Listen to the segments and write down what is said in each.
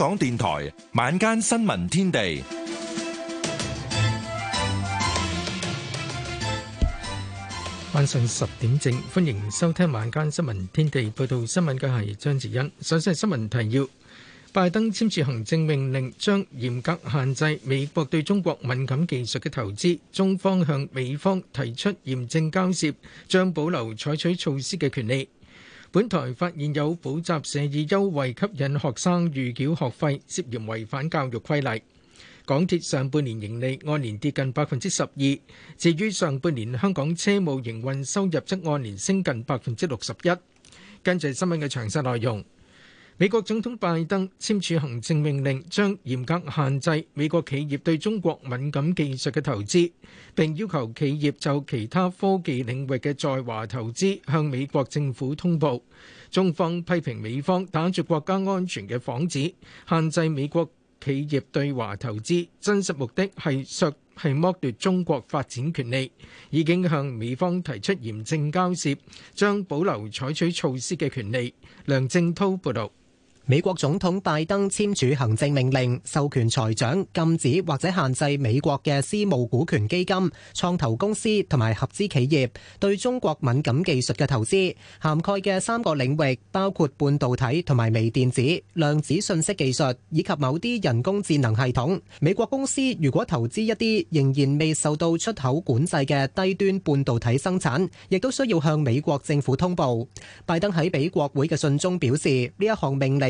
港電台晚間新聞天地，晚上十點整，歡迎收聽晚間新聞天地。報道新聞嘅係張子欣，首先係新聞提要：拜登簽署行政命令，將嚴格限制美國對中國敏感技術嘅投資。中方向美方提出嚴正交涉，將保留採取措施嘅權利。本台發現有補習社以優惠吸引學生預繳學費，涉嫌違反教育規例。港鐵上半年盈利按年跌近百分之十二，至於上半年香港車務營運收入則按年升近百分之六十一。跟住新聞嘅詳細內容。美國總統拜登簽署行政命令，將嚴格限制美國企業對中國敏感技術嘅投資，並要求企業就其他科技領域嘅在華投資向美國政府通報。中方批評美方打着國家安全嘅幌子，限制美國企業對華投資，真實目的係削係剝奪中國發展權利，已經向美方提出嚴正交涉，將保留採取措施嘅權利。梁正濤報道。美國總統拜登簽署行政命令，授權財長禁止或者限制美國嘅私募股權基金、創投公司同埋合資企業對中國敏感技術嘅投資，涵蓋嘅三個領域包括半導體同埋微電子、量子信息技術以及某啲人工智能系統。美國公司如果投資一啲仍然未受到出口管制嘅低端半導體生產，亦都需要向美國政府通報。拜登喺俾國會嘅信中表示，呢一項命令，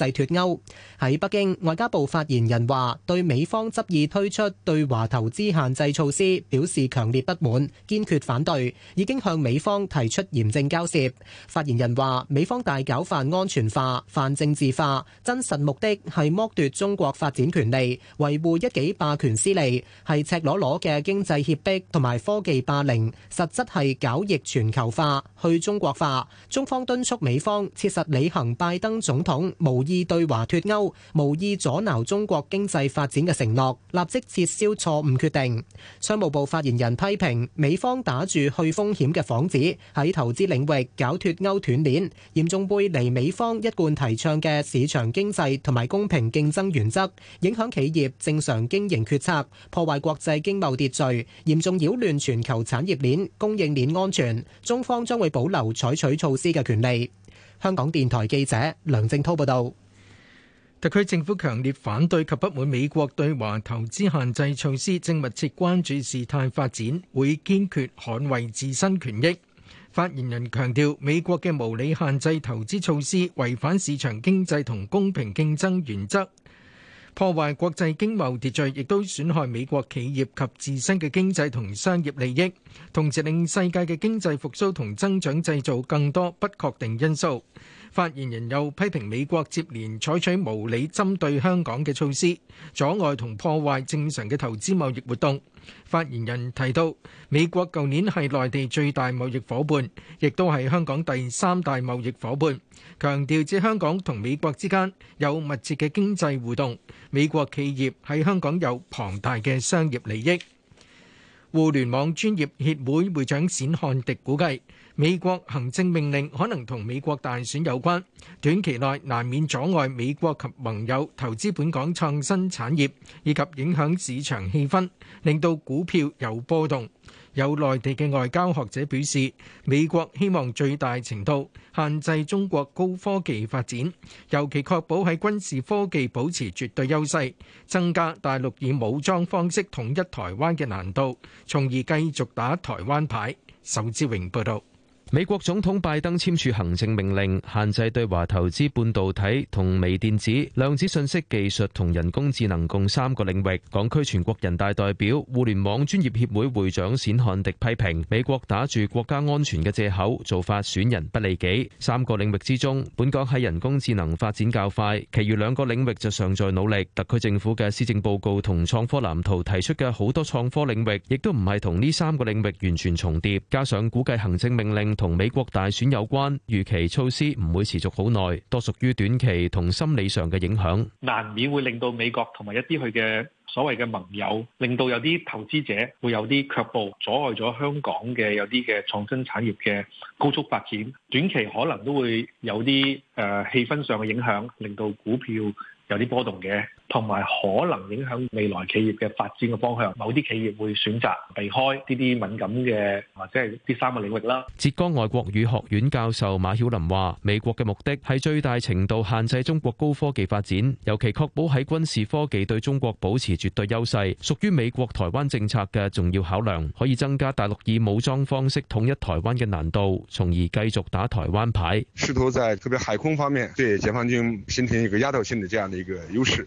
制脫勾。喺北京，外交部發言人話：對美方執意推出對華投資限制措施表示強烈不滿，堅決反對，已經向美方提出嚴正交涉。發言人話：美方大搞泛安全化、泛政治化，真實目的係剝奪中國發展權利，維護一己霸權私利，係赤裸裸嘅經濟脅迫同埋科技霸凌，實質係搞逆全球化、去中國化。中方敦促美方切實履行拜登總統無意對華脫歐，無意阻撓中國經濟發展嘅承諾，立即撤銷錯誤決定。商務部發言人批評美方打住去風險嘅幌子，喺投資領域搞脫歐斷鏈，嚴重背離美方一貫提倡嘅市場經濟同埋公平競爭原則，影響企業正常經營決策，破壞國際經貿秩序，嚴重擾亂全球產業鏈供應鏈安全。中方將會保留採取措施嘅權利。香港電台記者梁正濤報道，特區政府強烈反對及不滿美國對華投資限制措施，正密切關注事態發展，會堅決捍衛自身權益。發言人強調，美國嘅無理限制投資措施違反市場經濟同公平競爭原則。破壞國際經貿秩序，亦都損害美國企業及自身嘅經濟同商業利益，同時令世界嘅經濟復甦同增長製造更多不確定因素。發言人又批評美國接連採取無理針對香港嘅措施，阻礙同破壞正常嘅投資貿易活動。發言人提到，美國舊年係內地最大貿易伙伴，亦都係香港第三大貿易伙伴。強調指香港同美國之間有密切嘅經濟互動，美國企業喺香港有龐大嘅商業利益。互聯網專業協會會,會長冼漢迪估計。美國行政命令可能同美國大選有關，短期內難免阻礙美國及盟友投資本港創新產業，以及影響市場氣氛，令到股票有波動。有內地嘅外交學者表示，美國希望最大程度限制中國高科技發展，尤其確保喺軍事科技保持絕對優勢，增加大陸以武裝方式統一台灣嘅難度，從而繼續打台灣牌。仇志榮報導。美國總統拜登簽署行政命令，限制對華投資半導體、同微電子、量子信息技術同人工智能共三個領域。港區全國人大代表、互聯網專,專業協會會長冼漢迪批評：美國打住國家安全嘅借口，做法損人不利己。三個領域之中，本港喺人工智能發展較快，其餘兩個領域就尚在努力。特區政府嘅施政報告同創科藍圖提出嘅好多創科領域，亦都唔係同呢三個領域完全重疊。加上估計行政命令。同美國大選有關，預期措施唔會持續好耐，多屬於短期同心理上嘅影響，難免會令到美國同埋一啲佢嘅所謂嘅盟友，令到有啲投資者會有啲卻步，阻礙咗香港嘅有啲嘅創新產業嘅高速發展，短期可能都會有啲誒氣氛上嘅影響，令到股票有啲波動嘅。同埋可能影響未來企業嘅發展嘅方向，某啲企業會選擇避開呢啲敏感嘅或者係啲三個領域啦。浙江外國語學院教授馬曉林話，美國嘅目的係最大程度限制中國高科技發展，尤其確保喺軍事科技對中國保持絕對優勢，屬於美國台灣政策嘅重要考量，可以增加大陸以武裝方式統一台灣嘅難度，從而繼續打台灣牌。試圖在特別海空方面對解放軍形成一個壓倒性的這樣的一個優勢。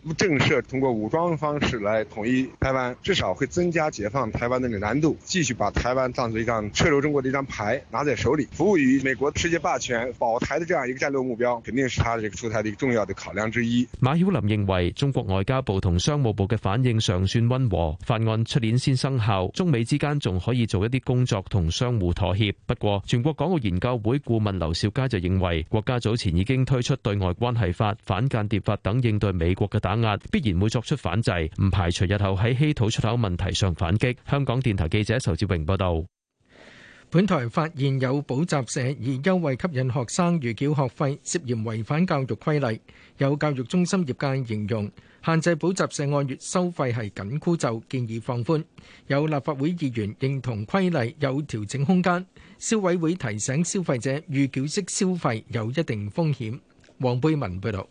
通過武裝方式來統一台灣，至少會增加解放台灣的難度。繼續把台灣當作一張掣肘中國的一張牌拿在手裏，服務於美國世界霸權、保台的這樣一個戰略目標，肯定是他這個出台的一個重要的考量之一。馬曉林認為，中國外交部同商務部嘅反應尚算溫和。法案出年先生效，中美之間仲可以做一啲工作同相互妥協。不過，全國港澳研究會顧問劉少佳就認為，國家早前已經推出對外關係法、反間諜法等應對美國嘅打壓。必然會作出反制，唔排除日後喺稀土出口問題上反擊。香港電台記者仇志榮報道。本台發現有補習社以優惠吸引學生預繳學費，涉嫌違反教育規例。有教育中心業界形容限制補習社按月收費係緊箍咒，建議放寬。有立法會議員認同規例有調整空間。消委會提醒消費者預繳式消費有一定風險。黃貝文報道。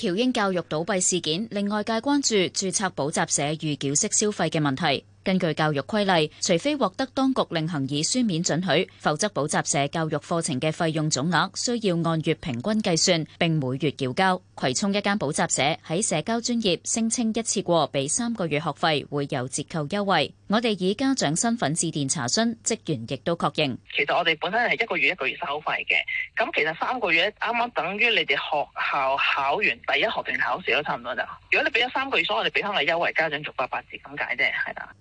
喬英教育倒閉事件令外界關注注冊補習社預繳式消費嘅問題。根據教育規例，除非獲得當局另行以書面准許，否則補習社教育課程嘅費用總額需要按月平均計算並每月繳交。葵涌一間補習社喺社交專業聲稱一次過俾三個月學費會有折扣優惠。我哋以家長身份致電查詢，職員亦都確認。其實我哋本身係一個月一個月收費嘅，咁其實三個月啱啱等於你哋學校考完第一學年考試都差唔多咋。如果你俾咗三個月，所以我哋俾翻個優惠家長續 8, 8，逐百八折咁解啫，係啦。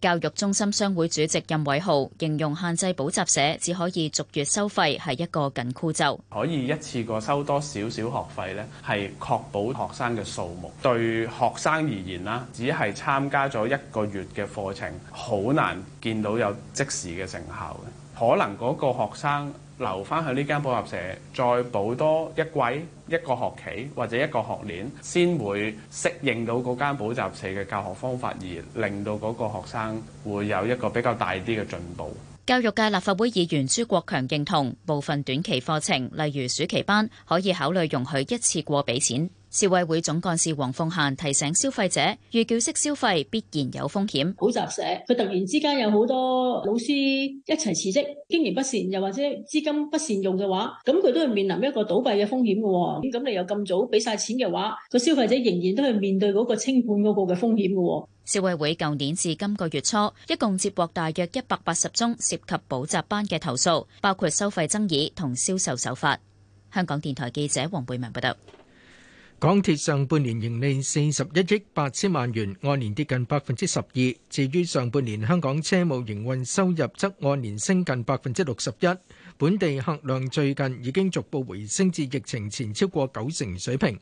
教育中心商會主席任偉豪形容限制補習社只可以逐月收費係一個緊箍咒，可以一次過收多少少學費咧，係確保學生嘅數目。對學生而言啦，只係參加咗一個月嘅課程，好難見到有即時嘅成效嘅，可能嗰個學生。留翻去呢間補習社，再補多一季、一個學期或者一個學年，先會適應到嗰間補習社嘅教學方法，而令到嗰個學生會有一個比較大啲嘅進步。教育界立法會議員朱國強認同，部分短期課程，例如暑期班，可以考慮容許一次過俾錢。消委會總幹事黃鳳嫻提醒消費者，預繳式消費必然有風險。補習社佢突然之間有好多老師一齊辭職，經營不善又或者資金不善用嘅話，咁佢都係面臨一個倒閉嘅風險嘅。咁你又咁早俾晒錢嘅話，個消費者仍然都係面對嗰個清盤嗰個嘅風險嘅。消委會舊年至今個月初，一共接獲大約一百八十宗涉及補習班嘅投訴，包括收費爭議同銷售手法。香港電台記者黃貝文報道。港鐵上半年盈利四十一億八千萬元，按年跌近百分之十二。至於上半年香港車務營運收入，則按年升近百分之六十一。本地客量最近已經逐步回升至疫情前超過九成水平。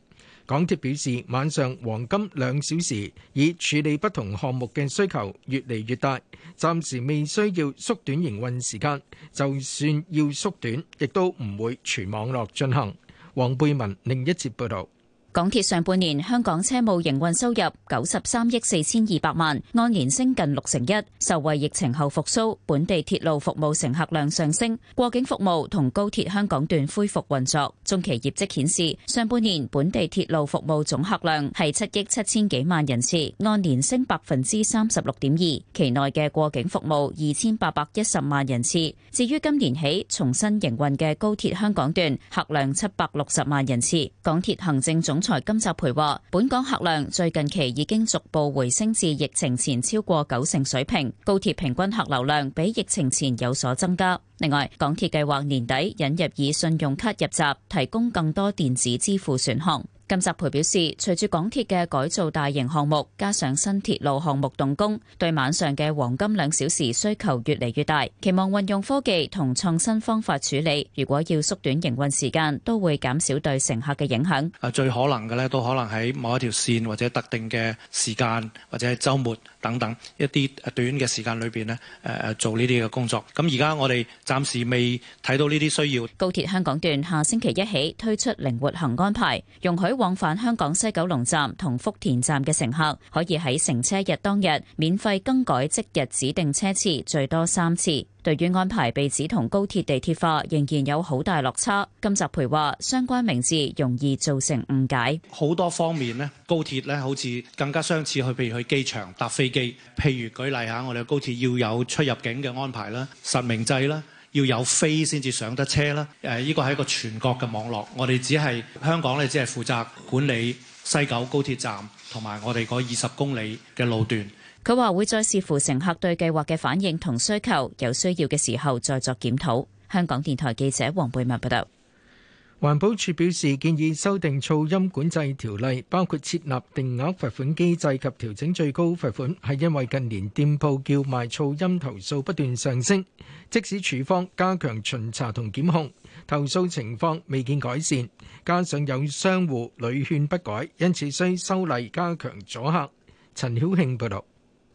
港鐵表示，晚上黃金兩小時以處理不同項目嘅需求越嚟越大，暫時未需要縮短營運時間。就算要縮短，亦都唔會全網絡進行。黃貝文另一節報道。港鐵上半年香港車務營運收入九十三億四千二百萬，按年升近六成一，受惠疫情後復甦，本地鐵路服務乘客量上升，過境服務同高鐵香港段恢復運作。中期業績顯示，上半年本地鐵路服務總客量係七億七千幾萬人次，按年升百分之三十六點二。期內嘅過境服務二千八百一十萬人次。至於今年起重新營運嘅高鐵香港段，客量七百六十萬人次。港鐵行政總。財金集培話，本港客量最近期已經逐步回升至疫情前超過九成水平，高鐵平均客流量比疫情前有所增加。另外，港鐵計劃年底引入以信用卡入閘，提供更多電子支付選項。金澤培表示，隨住港鐵嘅改造大型項目，加上新鐵路項目動工，對晚上嘅黃金兩小時需求越嚟越大，期望運用科技同創新方法處理。如果要縮短營運時間，都會減少對乘客嘅影響。啊，最可能嘅咧，都可能喺某一條線或者特定嘅時間，或者係周末等等一啲短嘅時間裏邊咧，誒誒做呢啲嘅工作。咁而家我哋暫時未睇到呢啲需要。高鐵香港段下星期一起推出靈活行安排，容許往返香港西九龍站同福田站嘅乘客，可以喺乘車日當日免費更改即日指定車次，最多三次。對於安排被指同高鐵地鐵化仍然有好大落差，金澤培話：相關名字容易造成誤解，好多方面咧，高鐵咧好似更加相似，去譬如去機場搭飛機，譬如舉例下，我哋高鐵要有出入境嘅安排啦、實名制啦，要有飛先至上得車啦！誒，呢個係一個全國嘅網絡，我哋只係香港咧，只係負責管理西九高鐵站同埋我哋嗰二十公里嘅路段。佢話會再視乎乘客對計劃嘅反應同需求，有需要嘅時候再作檢討。香港電台記者黃貝文報道。環保署表示，建議修訂噪音管制條例，包括設立定額罰款機制及調整最高罰款，係因為近年店鋪叫賣噪音投訴不斷上升，即使署方加強巡查同檢控，投訴情況未見改善，加上有商戶屢勸不改，因此需修例加強阻嚇。陳曉慶報道。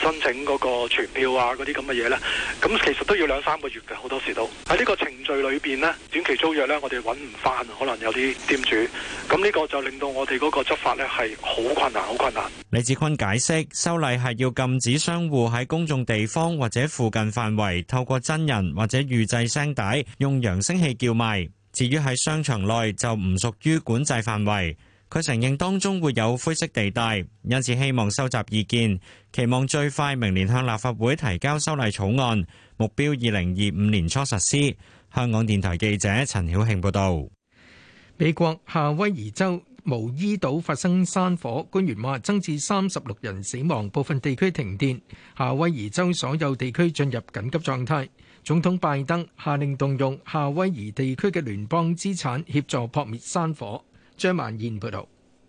申請嗰個傳票啊，嗰啲咁嘅嘢咧，咁其實都要兩三個月嘅，好多時都喺呢個程序裏邊咧，短期租約咧，我哋揾唔返，可能有啲店主，咁呢個就令到我哋嗰個執法咧係好困難，好困難。李子坤解釋，修例係要禁止商戶喺公眾地方或者附近範圍，透過真人或者預製聲帶用揚聲器叫賣。至於喺商場內，就唔屬於管制範圍。佢承認當中會有灰色地帶，因此希望收集意見，期望最快明年向立法會提交修例草案，目標二零二五年初實施。香港電台記者陳曉慶報導。美國夏威夷州毛伊島發生山火，官員話增至三十六人死亡，部分地區停電，夏威夷州所有地區進入緊急狀態。總統拜登下令動用夏威夷地區嘅聯邦資產協助撲滅山火。張曼燕報道。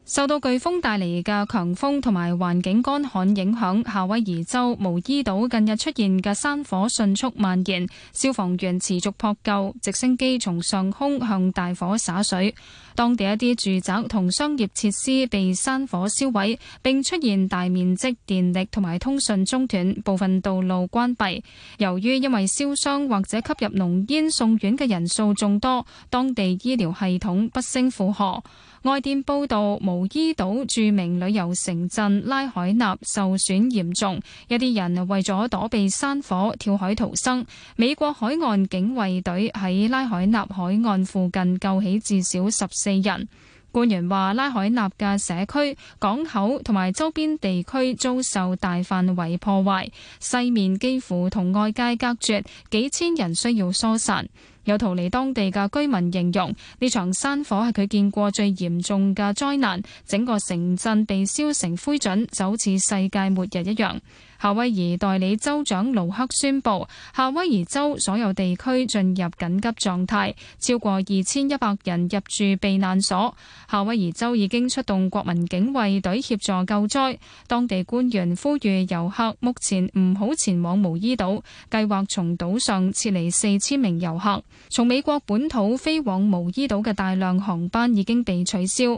受到颶風帶嚟嘅強風同埋環境乾旱影響，夏威夷州毛伊島近日出現嘅山火迅速蔓延，消防員持續撲救，直升機從上空向大火灑水。當地一啲住宅同商業設施被山火燒毀，並出現大面積電力同埋通訊中斷，部分道路關閉。由於因為燒傷或者吸入濃煙送院嘅人數眾多，當地醫療系統不勝負荷。外電報導，毛伊島著名旅遊城鎮拉海納受損嚴重，一啲人為咗躲避山火跳海逃生。美國海岸警衛隊喺拉海納海岸附近救起至少十四人。官員話，拉海納嘅社區、港口同埋周邊地區遭受大範圍破壞，西面幾乎同外界隔絕，幾千人需要疏散。有逃離當地嘅居民形容，呢場山火係佢見過最嚴重嘅災難，整個城鎮被燒成灰燼，就好似世界末日一樣。夏威夷代理州長盧克宣布，夏威夷州所有地區進入緊急狀態，超過二千一百人入住避難所。夏威夷州已經出動國民警衛隊協助救災，當地官員呼籲遊客目前唔好前往毛伊島，計劃從島上撤離四千名遊客。從美國本土飛往毛伊島嘅大量航班已經被取消。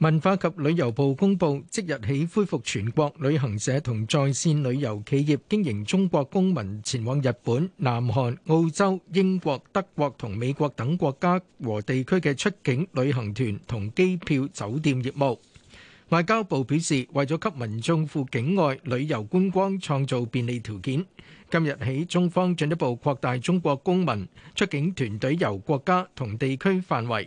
文化及旅遊部公布，即日起恢復全國旅行社同在線旅遊企業經營中國公民前往日本、南韓、澳洲、英國、德國同美國等國家和地區嘅出境旅行團同機票酒店業務。外交部表示，為咗給民眾赴境外旅遊觀光創造便利條件，今日起中方進一步擴大中國公民出境團隊遊國家同地區範圍。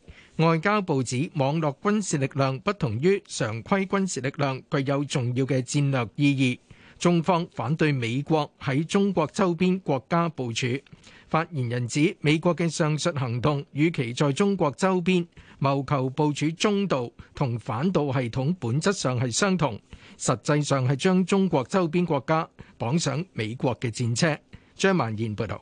外交部指，網絡軍事力量不同於常規軍事力量，具有重要嘅戰略意義，中方反對美國喺中國周邊國家部署。發言人指，美國嘅上述行動與其在中國周邊謀求部署中導同反導系統本質上係相同，實際上係將中國周邊國家綁上美國嘅戰車，張曼燕報道。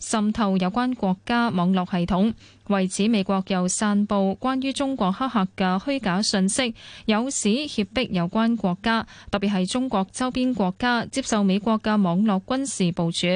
滲透有關國家網絡系統。為此，美國又散佈關於中國黑客嘅虛假信息，有時脅迫有關國家，特別係中國周邊國家接受美國嘅網絡軍事部署。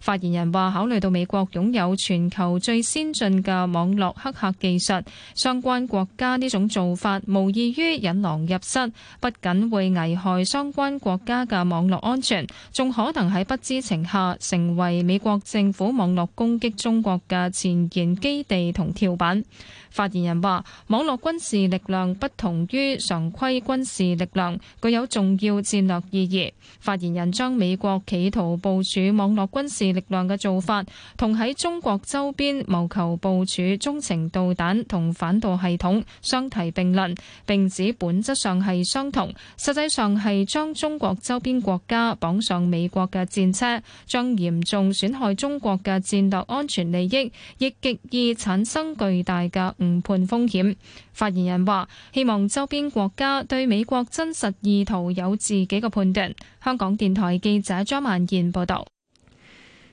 發言人話：考慮到美國擁有全球最先進嘅網絡黑客技術，相關國家呢種做法無異於引狼入室，不僅會危害相關國家嘅網絡安全，仲可能喺不知情下成為美國政府網絡攻擊中國嘅前沿基地同跳板。發言人話：網絡軍事力量不同於常規軍事力量，具有重要戰略意義。發言人將美國企圖部署網絡軍事力量嘅做法，同喺中國周邊謀求部署中程導彈同反導系統相提並論，並指本質上係相同。實際上係將中國周邊國家綁上美國嘅戰車，將嚴重損害中國嘅戰略安全利益，亦極易產生生巨大嘅誤判風險。發言人話：希望周邊國家對美國真實意圖有自己嘅判斷。香港電台記者張曼燕報道。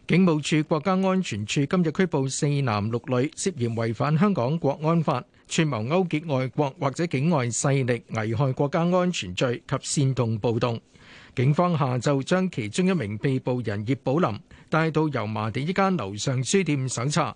警務處國家安全處今日拘捕四男六女，涉嫌違反香港國安法，串謀勾結外國或者境外勢力危害國家安全罪及煽動暴動。警方下晝將其中一名被捕人葉寶林帶到油麻地一間樓上書店搜查。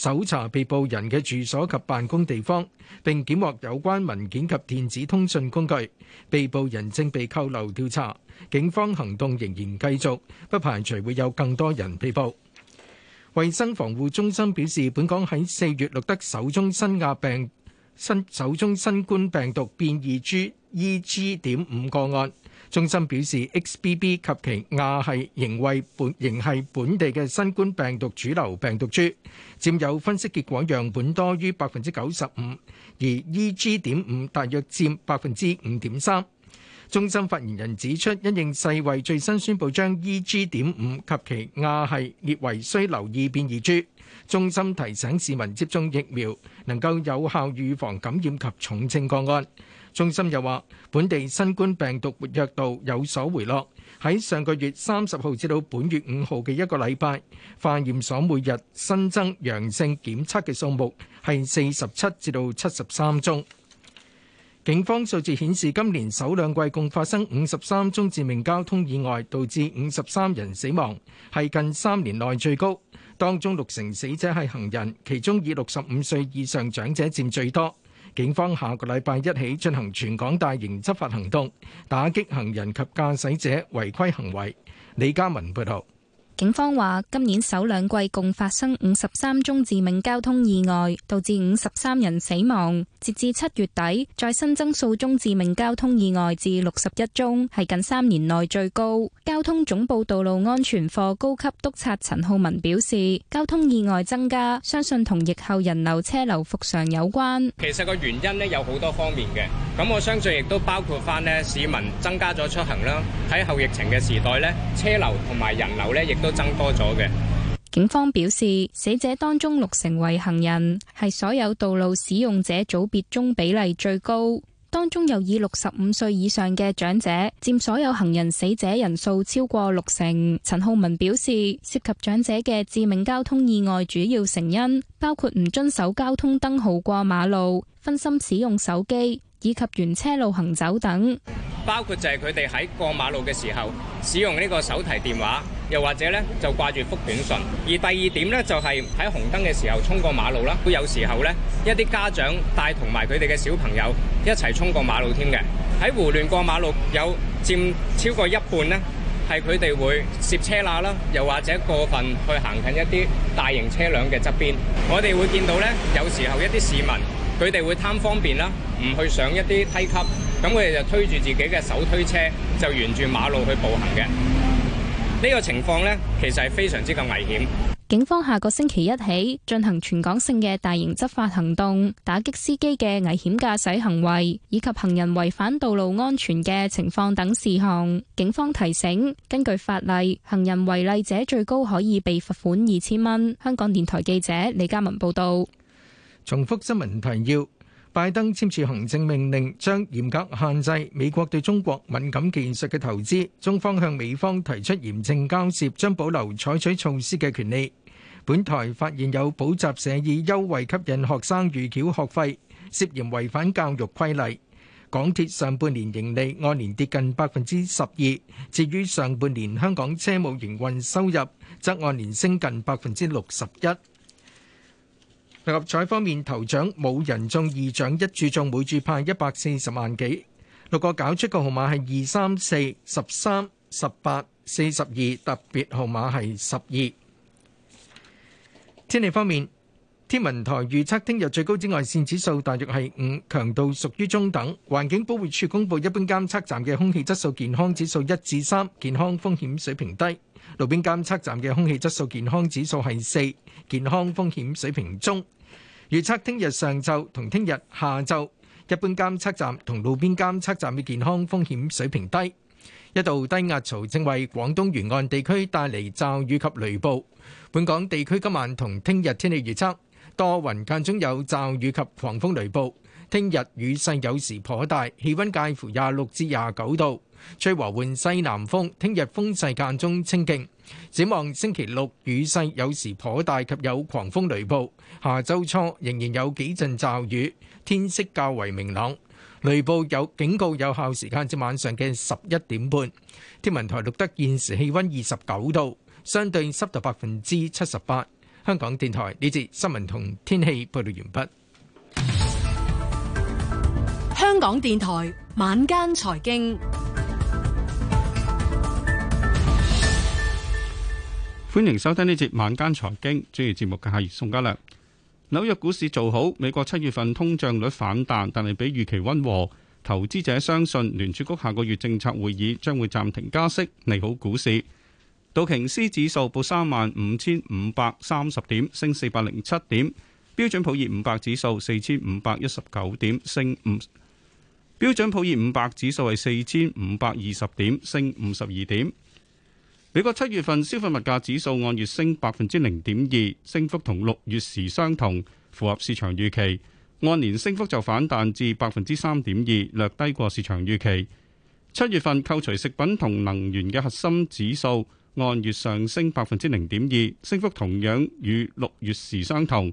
搜查被捕人嘅住所及辦公地方，並檢獲有關文件及電子通訊工具。被捕人正被扣留調查，警方行動仍然繼續，不排除會有更多人被捕。衛生防護中心表示，本港喺四月錄得首宗新亞病新首宗新冠病毒變異株 EG 點五個案。中心表示，XBB 及其亞係仍為本仍係本地嘅新冠病毒主流病毒株，佔有分析結果樣本多於百分之九十五，而 EG.5 大約佔百分之五點三。中心發言人指出，因應世衛最新宣布將 EG.5 及其亞系列為需留意變異株，中心提醒市民接種疫苗能夠有效預防感染及重症個案。中心又話，本地新冠病毒活躍度有所回落。喺上個月三十號至到本月五號嘅一個禮拜，化驗所每日新增陽性檢測嘅數目係四十七至到七十三宗。警方數字顯示，今年首兩季共發生五十三宗致命交通意外，導致五十三人死亡，係近三年內最高。當中六成死者係行人，其中以六十五歲以上長者佔最多。警方下個禮拜一起進行全港大型執法行動，打擊行人及駕駛者違規行為。李家文報導。警方話，今年首兩季共發生五十三宗致命交通意外，導致五十三人死亡。截至七月底，再新增數宗致命交通意外至六十一宗，係近三年內最高。交通總部道路安全課高級督察陳浩文表示，交通意外增加，相信同疫後人流車流復常有關。其實個原因呢，有好多方面嘅。咁我相信，亦都包括翻呢市民增加咗出行啦。喺後疫情嘅時代呢，車流同埋人流呢亦都增多咗嘅。警方表示，死者當中六成為行人，係所有道路使用者組別中比例最高。當中又以六十五歲以上嘅長者佔所有行人死者人數超過六成。陳浩文表示，涉及長者嘅致命交通意外主要成因包括唔遵守交通燈號過馬路、分心使用手機。以及沿車路行走等，包括就係佢哋喺過馬路嘅時候使用呢個手提電話，又或者咧就掛住發短訊。而第二點咧就係、是、喺紅燈嘅時候衝過馬路啦，都有時候咧一啲家長帶同埋佢哋嘅小朋友一齊衝過馬路添嘅。喺胡亂過馬路有佔超過一半呢，係佢哋會攝車罅啦，又或者過分去行近一啲大型車輛嘅側邊。我哋會見到咧，有時候一啲市民。佢哋會貪方便啦，唔去上一啲梯級，咁佢哋就推住自己嘅手推車，就沿住馬路去步行嘅。呢個情況呢，其實係非常之咁危險。警方下個星期一起進行全港性嘅大型執法行動，打擊司機嘅危險駕駛行為以及行人違反道路安全嘅情況等事項。警方提醒，根據法例，行人違例者最高可以被罰款二千蚊。香港電台記者李嘉文報道。重複新聞提要：拜登簽署行政命令，將嚴格限制美國對中國敏感技術嘅投資。中方向美方提出嚴正交涉，將保留採取措施嘅權利。本台發現有補習社以優惠吸引學生預繳學費，涉嫌違反教育規例。港鐵上半年盈利按年跌近百分之十二，至於上半年香港車務營運收入則按年升近百分之六十一。六合彩方面，頭獎冇人中二，二獎一注中，每注派一百四十萬幾。六個搞出嘅號碼係二、三、四、十三、十八、四十二，特別號碼係十二。天氣方面，天文台預測聽日最高紫外綫指數大約係五，強度屬於中等。環境保護署公布一般監測站嘅空氣質素健康指數一至三，健康風險水平低；路邊監測站嘅空氣質素健康指數係四，健康風險水平中。預測聽日上晝同聽日下晝，一般監測站同路邊監測站嘅健康風險水平低。一道低壓槽正為廣東沿岸地區帶嚟驟雨及雷暴。本港地區今晚同聽日天氣預測多雲，間中有驟雨及狂風雷暴。聽日雨勢有時頗大，氣温介乎廿六至廿九度，吹和緩西南風。聽日風勢間中清勁。展望星期六雨勢有時頗大及有狂風雷暴，下周初仍然有幾陣驟雨，天色較為明朗。雷暴有警告有效時間至晚上嘅十一點半。天文台錄得現時氣溫二十九度，相對濕度百分之七十八。香港電台呢節新聞同天氣報道完畢。香港電台晚間財經。歡迎收聽呢節晚間財經專業節目，嘅係宋家良。紐約股市做好，美國七月份通脹率反彈，但係比預期溫和。投資者相信聯儲局下個月政策會議將會暫停加息，利好股市。道瓊斯指數報三萬五千五百三十點，升四百零七點。標準普爾五百指數四千五百一十九點，升五。標準普爾五百指數係四千五百二十點，升五十二點。美國七月份消費物價指數按月升百分之零點二，升幅同六月時相同，符合市場預期。按年升幅就反彈至百分之三點二，略低過市場預期。七月份扣除食品同能源嘅核心指數按月上升百分之零點二，升幅同樣與六月時相同，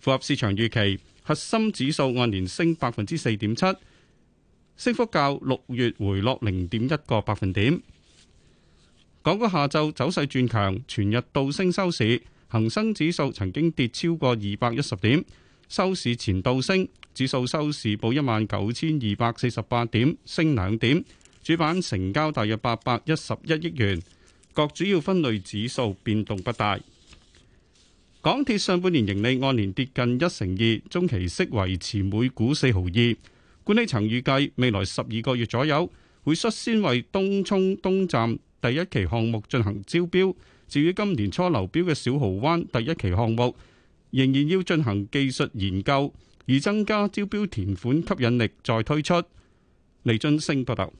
符合市場預期。核心指數按年升百分之四點七，升幅較六月回落零點一個百分點。港股下晝走勢轉強，全日倒升收市。恒生指數曾經跌超過二百一十點，收市前倒升，指數收市報一萬九千二百四十八點，升兩點。主板成交大約八百一十一億元，各主要分類指數變動不大。港鐵上半年盈利按年跌近一成二，中期息維持每股四毫二。管理層預計未來十二個月左右會率先為東涌東站。第一期項目進行招標，至於今年初流標嘅小蠔灣第一期項目，仍然要進行技術研究，以增加招標填款吸引力再推出。李俊升報道。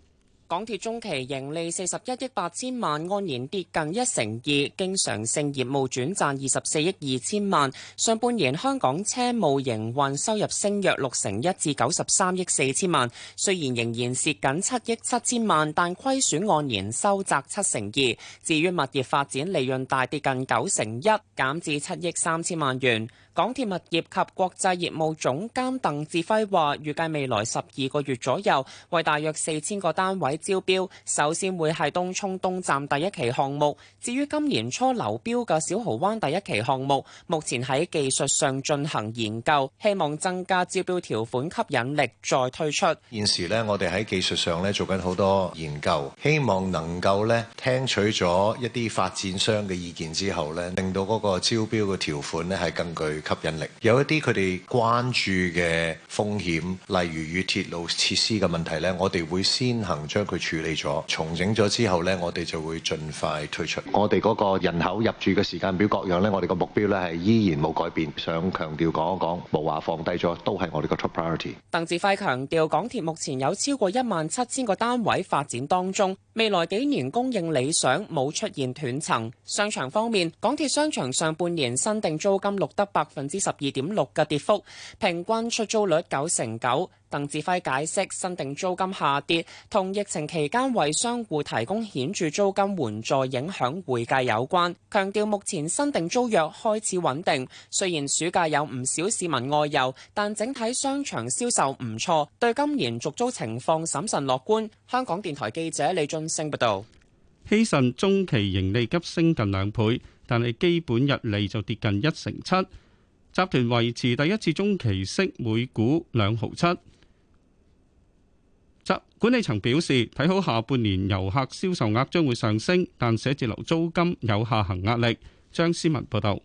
港鐵中期盈利四十一億八千萬，按年跌近一成二，經常性業務轉賺二十四億二千萬。上半年香港車務營運收入升約六成一，至九十三億四千萬。雖然仍然蝕緊七億七千萬，但虧損按年收窄七成二。至於物業發展，利潤大跌近九成一，減至七億三千萬元。港鐵物業及國際業務總監鄧志輝話：預計未來十二個月左右，為大約四千個單位招標，首先會係東涌東站第一期項目。至於今年初流標嘅小蠔灣第一期項目，目前喺技術上進行研究，希望增加招標條款吸引力，再推出。現時呢，我哋喺技術上咧做緊好多研究，希望能夠咧聽取咗一啲發展商嘅意見之後咧令到嗰個招標嘅條款咧係更具。吸引力。有一啲佢哋關注嘅風險，例如與鐵路設施嘅問題咧，我哋會先行將佢處理咗，重整咗之後咧，我哋就會盡快推出。我哋嗰個人口入住嘅時間表各樣咧，我哋個目標咧係依然冇改變。想強調講一講，無話放低咗，都係我哋個 top priority。鄧志輝強調，港鐵目前有超過一萬七千個單位發展當中，未來幾年供應理想，冇出現斷層。商場方面，港鐵商場上半年新定租金錄得百。百分之十二點六嘅跌幅，平均出租率九成九。鄧志輝解釋，新定租金下跌同疫情期間為商戶提供顯著租金援助影響會計有關，強調目前新定租約開始穩定。雖然暑假有唔少市民外遊，但整體商場銷售唔錯，對今年續租情況審慎樂觀。香港電台記者李俊升報道，希慎中期盈利急升近兩倍，但係基本日利就跌近一成七。集團維持第一次中期息每股兩毫七。集團管理層表示，睇好下半年遊客銷售額將會上升，但寫字樓租金有下行壓力。張思文報道。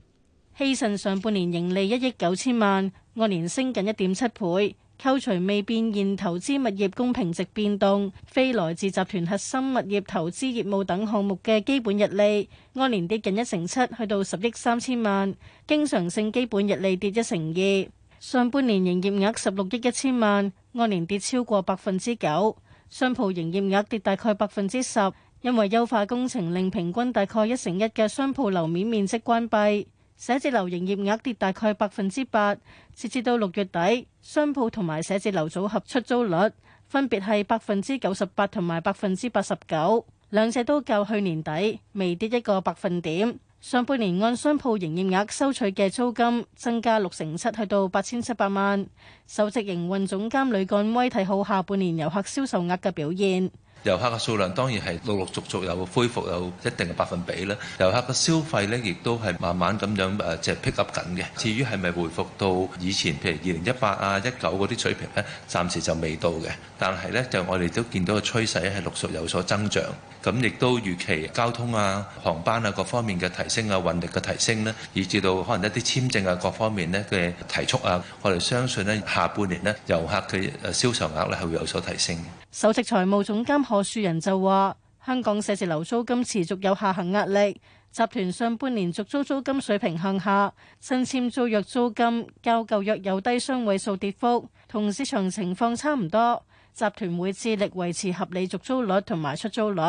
希慎上半年盈利一億九千萬，按年升近一點七倍。扣除未變現投資物業公平值變動、非來自集團核心物業投資業務等項目嘅基本日利，按年跌近一成七，去到十億三千萬。經常性基本日利跌一成二。上半年營業額十六億一千萬，按年跌超過百分之九。商鋪營業額跌大概百分之十，因為優化工程令平均大概一成一嘅商鋪樓面面積關閉。寫字樓營業額跌大概百分之八，截至到六月底，商鋪同埋寫字樓組合出租率分別係百分之九十八同埋百分之八十九，兩者都較去年底微跌一個百分點。上半年按商鋪營業額收取嘅租金增加六成七，去到八千七百萬。首席營運總監呂幹威睇好下半年遊客銷售額嘅表現。遊客嘅數量當然係陸陸續續有恢復有一定嘅百分比啦，遊客嘅消費咧亦都係慢慢咁樣誒即係 pick up 緊嘅。至於係咪回復到以前譬如二零一八啊一九嗰啲水平咧，暫時就未到嘅。但係咧就我哋都見到個趨勢咧係陸續有所增長。咁亦都預期交通啊、航班啊各方面嘅提升啊、運力嘅提升咧，以至到可能一啲簽證啊各方面咧嘅提速啊，我哋相信咧下半年咧遊客嘅銷售額咧係會有所提升。首席財務總監，何樹人就話：香港寫字樓租金持續有下行壓力，集團上半年續租租金水平向下，新簽租約租金較舊約有低雙位數跌幅，同市場情況差唔多。集團會致力維持合理續租率同埋出租率。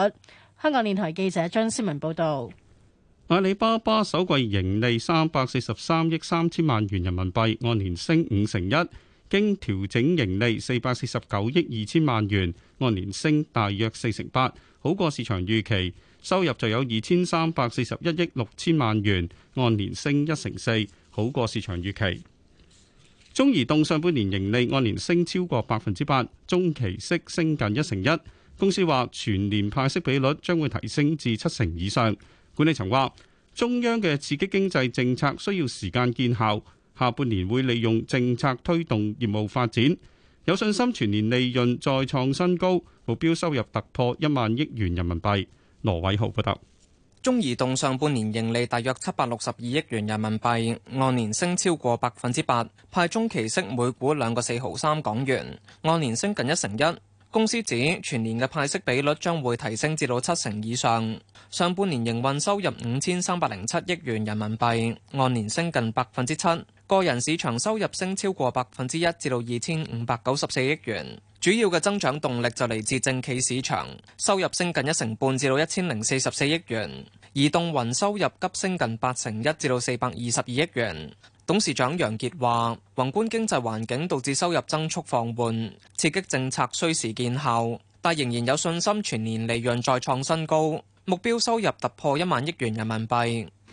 香港電台記者張思文報道。阿里巴巴首季盈利三百四十三億三千萬元人民幣，按年升五成一，經調整盈利四百四十九億二千萬元。按年升大約四成八，好過市場預期。收入就有二千三百四十一億六千萬元，按年升一成四，好過市場預期。中移動上半年盈利按年升超過百分之八，中期息升近一成一。公司話全年派息比率將會提升至七成以上。管理層話，中央嘅刺激經濟政策需要時間見效，下半年會利用政策推動業務發展。有信心全年利潤再創新高，目標收入突破一萬億元人民幣，羅偉豪報道，中移動上半年盈利大約七百六十二億元人民幣，按年升超過百分之八，派中期息每股兩個四毫三港元，按年升近一成一。公司指全年嘅派息比率將會提升至到七成以上。上半年營運收入五千三百零七億元人民幣，按年升近百分之七。個人市場收入升超過百分之一，至到二千五百九十四億元，主要嘅增長動力就嚟自政企市場收入升近一成半，至到一千零四十四億元。移動雲收入急升近八成一，至到四百二十二億元。董事長楊杰話，宏觀經濟環境導致收入增速放緩，刺激政策需時見效，但仍然有信心全年利潤再創新高，目標收入突破一萬億元人民幣。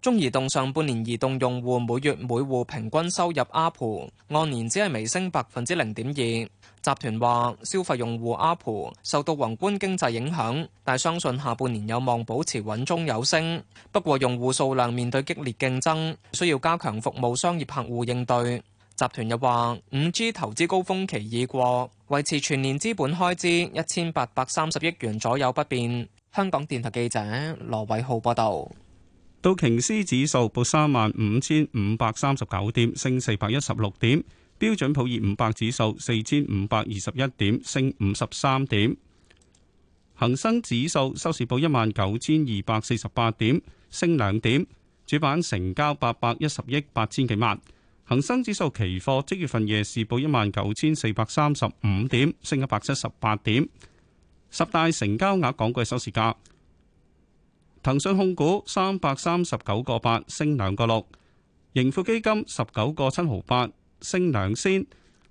中移動上半年移動用戶每月每戶平均收入 ARPU 按年只係微升百分之零點二。集團話消費用戶 ARPU 受到宏觀經濟影響，但相信下半年有望保持穩中有升。不過用戶數量面對激烈競爭，需要加強服務商業客戶應對。集團又話五 G 投資高峰期已過，維持全年資本開支一千八百三十億元左右不變。香港電台記者羅偉浩報道。道瓊斯指數報三萬五千五百三十九點，升四百一十六點；標準普爾五百指數四千五百二十一點，升五十三點；恒生指數收市報一萬九千二百四十八點，升兩點。主板成交八百一十億八千幾萬。恒生指數期貨即月份夜市報一萬九千四百三十五點，升一百七十八點。十大成交額港股收市價。騰訊控股三百三十九個八升兩個六，盈富基金十九個七毫八升兩仙，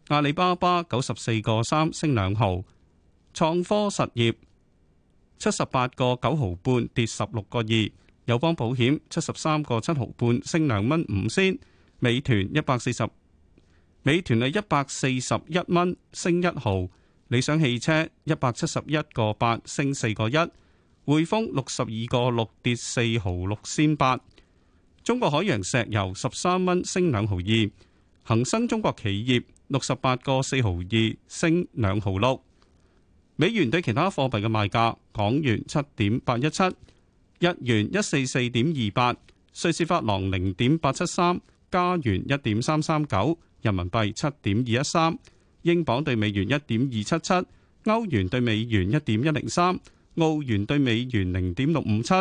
阿里巴巴九十四個三升兩毫，創科實業七十八個九毫半跌十六個二，友邦保險七十三個七毫半升兩蚊五仙，美團一百四十，美團係一百四十一蚊升一毫，理想汽車一百七十一個八升四個一。匯豐六十二個六跌四毫六仙八。中國海洋石油十三蚊升兩毫二，恒生中國企業六十八個四毫二升兩毫六。美元對其他貨幣嘅賣價：港元七點八一七，日元一四四點二八，瑞士法郎零點八七三，加元一點三三九，人民幣七點二一三，英鎊對美元一點二七七，歐元對美元一點一零三。澳元兌美元零點六五七，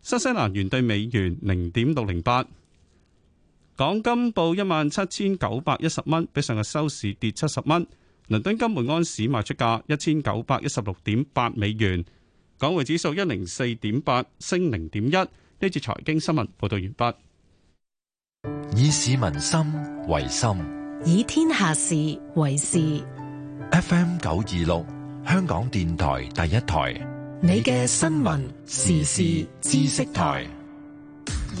新西蘭元兌美元零點六零八。港金報一萬七千九百一十蚊，比上日收市跌七十蚊。倫敦金每安士賣出價一千九百一十六點八美元。港匯指數一零四點八升零點一。呢次財經新聞報道完畢。以市民心為心，以天下事為事。F.M. 九二六，香港電台第一台。你嘅新聞時事知識台。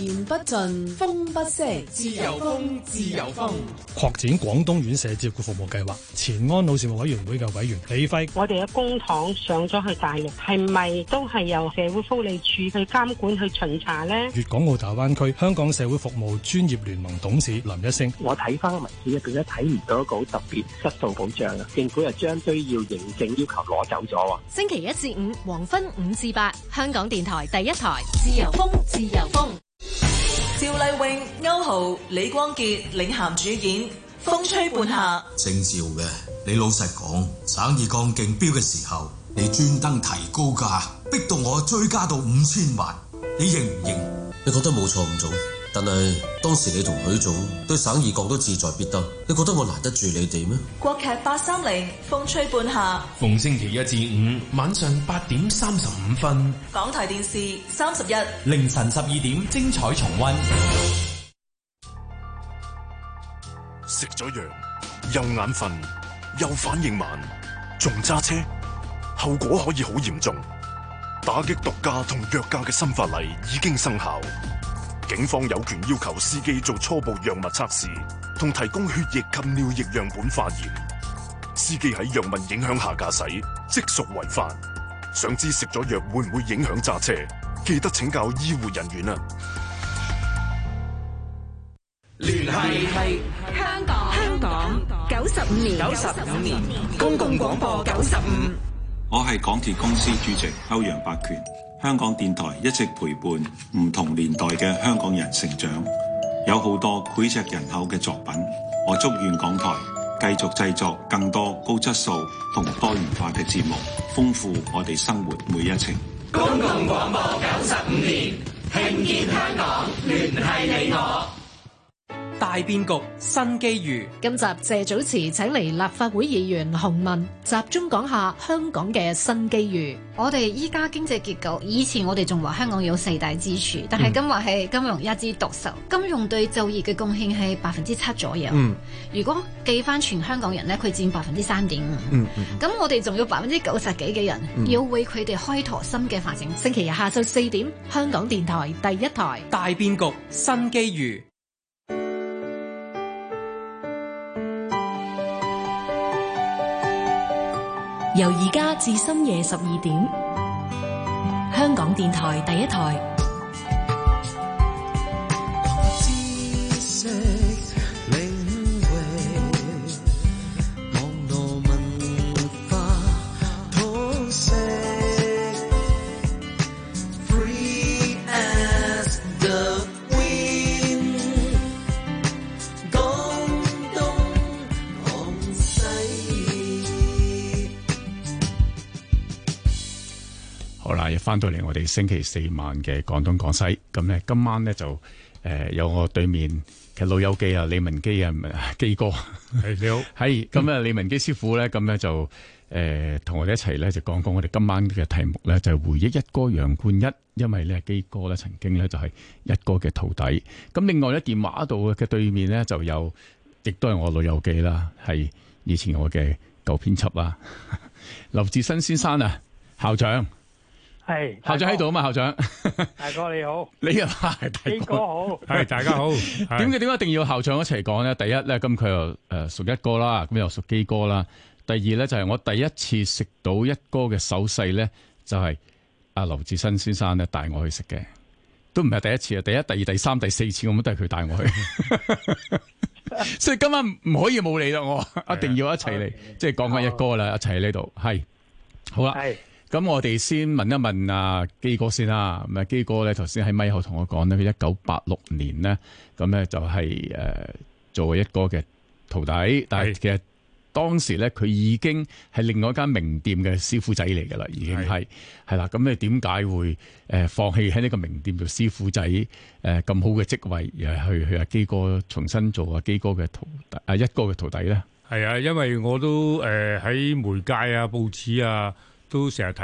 言不盡，風不息，自由風，自由風。擴展廣東院舍照顧服務計劃，前安老事務委員會嘅委員李輝，我哋嘅公帑上咗去大陸，係咪都係由社會福利署去監管去巡查呢？粵港澳大灣區香港社會服務專業聯盟董事林一星，我睇翻個文字，入邊咧，睇唔到一個好特別質素保障啊！政府又將需要認證要求攞走咗喎。星期一至五黃昏五至八，香港電台第一台，自由風，自由風。趙麗穎、歐豪、李光潔領銜主演《風吹半夏》。姓趙嘅，你老實講，省二鋼競標嘅時候，你專登提高價，逼到我追加到五千萬，你認唔認？你覺得冇錯唔做？但係當時你同許總對省二港都志在必得，你覺得我攔得住你哋咩？國劇八三零，風吹半夏，逢星期一至五晚上八點三十五分，港台電視三十一，凌晨十二點精彩重溫。食咗藥又眼瞓又反應慢，仲揸車，後果可以好嚴重。打擊毒駕同藥價嘅新法例已經生效。警方有權要求司機做初步藥物測試，同提供血液及尿液樣本化驗。司機喺藥物影響下駕駛，即屬違法。想知食咗藥會唔會影響揸車？記得請教醫護人員啊！聯繫係香港香港九十五年九十五年公共廣播九十五。我係港鐵公司主席歐陽伯權。香港電台一直陪伴唔同年代嘅香港人成長，有好多膾炙人口嘅作品。我祝願港台繼續製作更多高質素同多元化嘅節目，豐富我哋生活每一程。公共廣播九十五年，興建香港，聯繫你我。大變局，新機遇。今集謝祖慈請嚟立法會議員洪文，集中講下香港嘅新機遇。我哋依家經濟結構，以前我哋仲話香港有四大支柱，但係今日係金融一枝獨秀。金融對就業嘅貢獻係百分之七左右。嗯，如果計翻全香港人咧，佢佔百分之三點五。嗯嗯，咁我哋仲有百分之九十幾嘅人要為佢哋開拓新嘅發展。星期日下晝四點，香港電台第一台。大變局，新機遇。由而家至深夜十二點，香港電台第一台。翻到嚟，我哋星期四晚嘅廣東廣西咁咧，今晚咧就誒有我對面嘅老友記啊，李文基啊基哥，係你好，係咁啊，李文基師傅咧，咁咧就誒同我哋一齊咧就講講我哋今晚嘅題目咧，就係、是、回憶一哥楊貫一，因為咧基哥咧曾經咧就係一哥嘅徒弟，咁另外咧電話度嘅對面咧就有，亦都係我老友記啦，係以前我嘅舊編輯啦，劉志新先生啊校長。係是校長喺度啊嘛，哥校長 大哥你好，你又係大哥，基哥好，係 大家好。點解點解一定要校長一齊講呢？第一咧，咁佢又誒熟一哥啦，咁又熟基哥啦。第二咧就係、是、我第一次食到一哥嘅手勢咧，就係阿劉志新先生咧帶我去食嘅，都唔係第一次啊。第一、第二、第三、第四次咁都係佢帶我去。 所以今晚唔可以冇你啦，我一定要一齊嚟，即係講翻一哥啦，Hello. 一齊喺呢度係好啦。咁我哋先問一問阿基哥先啦。咁啊，基哥咧，頭先喺咪後同我講咧，佢、就是呃、一九八六年咧，咁咧就係誒作為一個嘅徒弟，但係其實當時咧佢已經係另外一間名店嘅師傅仔嚟嘅啦，已經係係啦。咁你點解會誒放棄喺呢個名店做師傅仔誒咁、呃、好嘅職位，而係去去阿基哥重新做阿基哥嘅徒啊一個嘅徒弟咧？係、呃、啊，因為我都誒喺媒介啊、報紙啊都成日睇